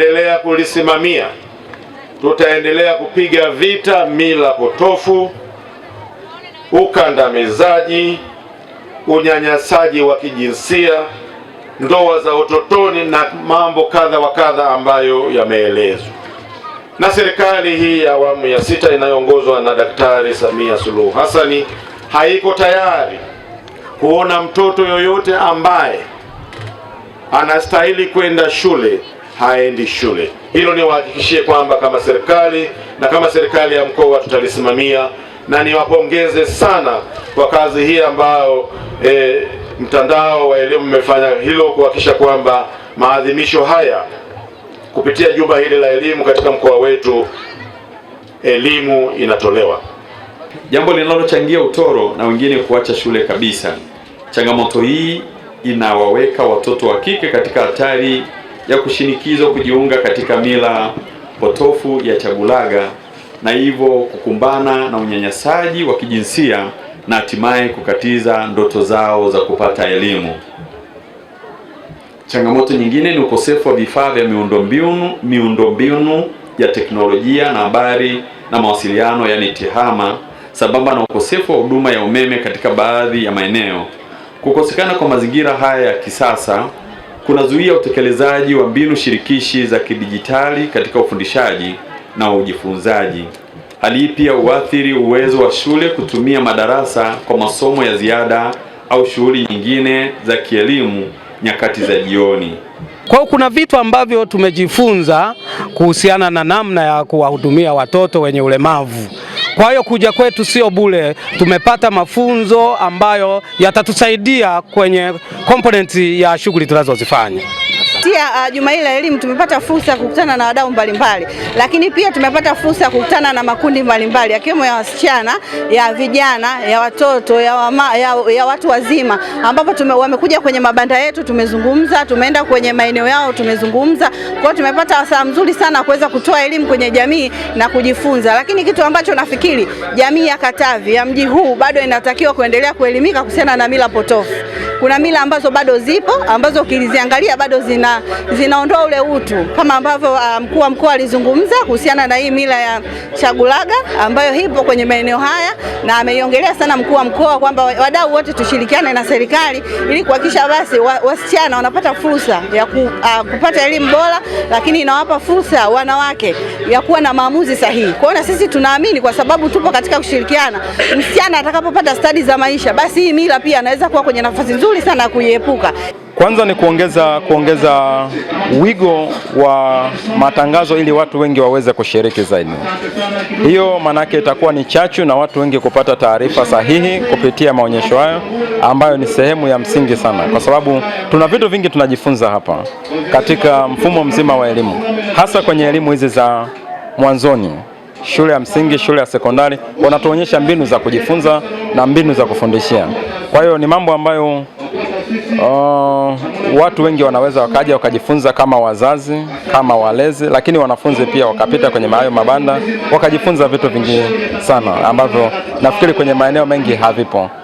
tutaendelea kulisimamia. Tutaendelea kupiga vita mila potofu, ukandamizaji, unyanyasaji wa kijinsia, ndoa za utotoni na mambo kadha wa kadha ambayo yameelezwa na serikali hii ya awamu ya sita inayoongozwa na Daktari Samia Suluhu Hassani haiko tayari kuona mtoto yoyote ambaye anastahili kwenda shule haendi shule. Hilo niwahakikishie kwamba kama serikali na kama serikali ya mkoa tutalisimamia, na niwapongeze sana kwa kazi hii ambayo e, mtandao wa elimu umefanya hilo kuhakikisha kwamba maadhimisho haya kupitia jumba hili la elimu katika mkoa wetu elimu inatolewa, jambo linalochangia utoro na wengine kuacha shule kabisa. Changamoto hii inawaweka watoto wa kike katika hatari ya kushinikizwa kujiunga katika mila potofu ya chagulaga na hivyo kukumbana na unyanyasaji wa kijinsia na hatimaye kukatiza ndoto zao za kupata elimu. Changamoto nyingine ni ukosefu wa vifaa vya miundombinu miundombinu ya teknolojia na habari na mawasiliano, yani TEHAMA, sambamba na ukosefu wa huduma ya umeme katika baadhi ya maeneo. Kukosekana kwa mazingira haya ya kisasa kunazuia utekelezaji wa mbinu shirikishi za kidijitali katika ufundishaji na ujifunzaji. Hali hii pia huathiri uwezo wa shule kutumia madarasa kwa masomo ya ziada au shughuli nyingine za kielimu nyakati za jioni. Kwa hiyo kuna vitu ambavyo tumejifunza kuhusiana na namna ya kuwahudumia watoto wenye ulemavu kwa hiyo kuja kwetu sio bure, tumepata mafunzo ambayo yatatusaidia kwenye komponenti ya shughuli tunazozifanya kupitia uh, juma hili la elimu tumepata fursa ya kukutana na wadau mbalimbali, lakini pia tumepata fursa ya kukutana na makundi mbalimbali yakiwemo ya wasichana, ya vijana, ya watoto, ya, wama, ya, ya watu wazima ambapo tume, wamekuja kwenye mabanda yetu tumezungumza, tumeenda kwenye maeneo yao tumezungumza. Kwa tumepata wasaa mzuri sana kuweza kutoa elimu kwenye jamii na kujifunza, lakini kitu ambacho nafikiri jamii ya Katavi ya mji huu bado inatakiwa kuendelea kuelimika kuhusiana na mila potofu kuna mila ambazo bado zipo ambazo ukiliziangalia bado zina, zinaondoa ule utu kama ambavyo uh, mkuu um, wa mkoa alizungumza kuhusiana na hii mila ya chagulaga ambayo ipo kwenye maeneo haya, na ameiongelea sana mkuu wa mkoa kwamba wadau wote tushirikiane na serikali ili kuhakikisha basi wasichana wanapata fursa ya ku, uh, kupata elimu bora, lakini inawapa fursa wanawake ya kuwa na maamuzi sahihi. Kwa hiyo na sisi tunaamini kwa sababu tupo katika kushirikiana, msichana atakapopata stadi za maisha, basi hii mila pia anaweza kuwa kwenye nafasi nzuri sana ya kuiepuka. Kwanza ni kuongeza kuongeza wigo wa matangazo ili watu wengi waweze kushiriki zaidi. Hiyo maanake itakuwa ni chachu na watu wengi kupata taarifa sahihi kupitia maonyesho hayo ambayo ni sehemu ya msingi sana, kwa sababu tuna vitu vingi tunajifunza hapa katika mfumo mzima wa elimu, hasa kwenye elimu hizi za mwanzoni shule ya msingi, shule ya sekondari, wanatuonyesha mbinu za kujifunza na mbinu za kufundishia. Kwa hiyo ni mambo ambayo Uh, watu wengi wanaweza wakaja wakajifunza kama wazazi, kama walezi, lakini wanafunzi pia wakapita kwenye hayo mabanda wakajifunza vitu vingi sana ambavyo nafikiri kwenye maeneo mengi havipo.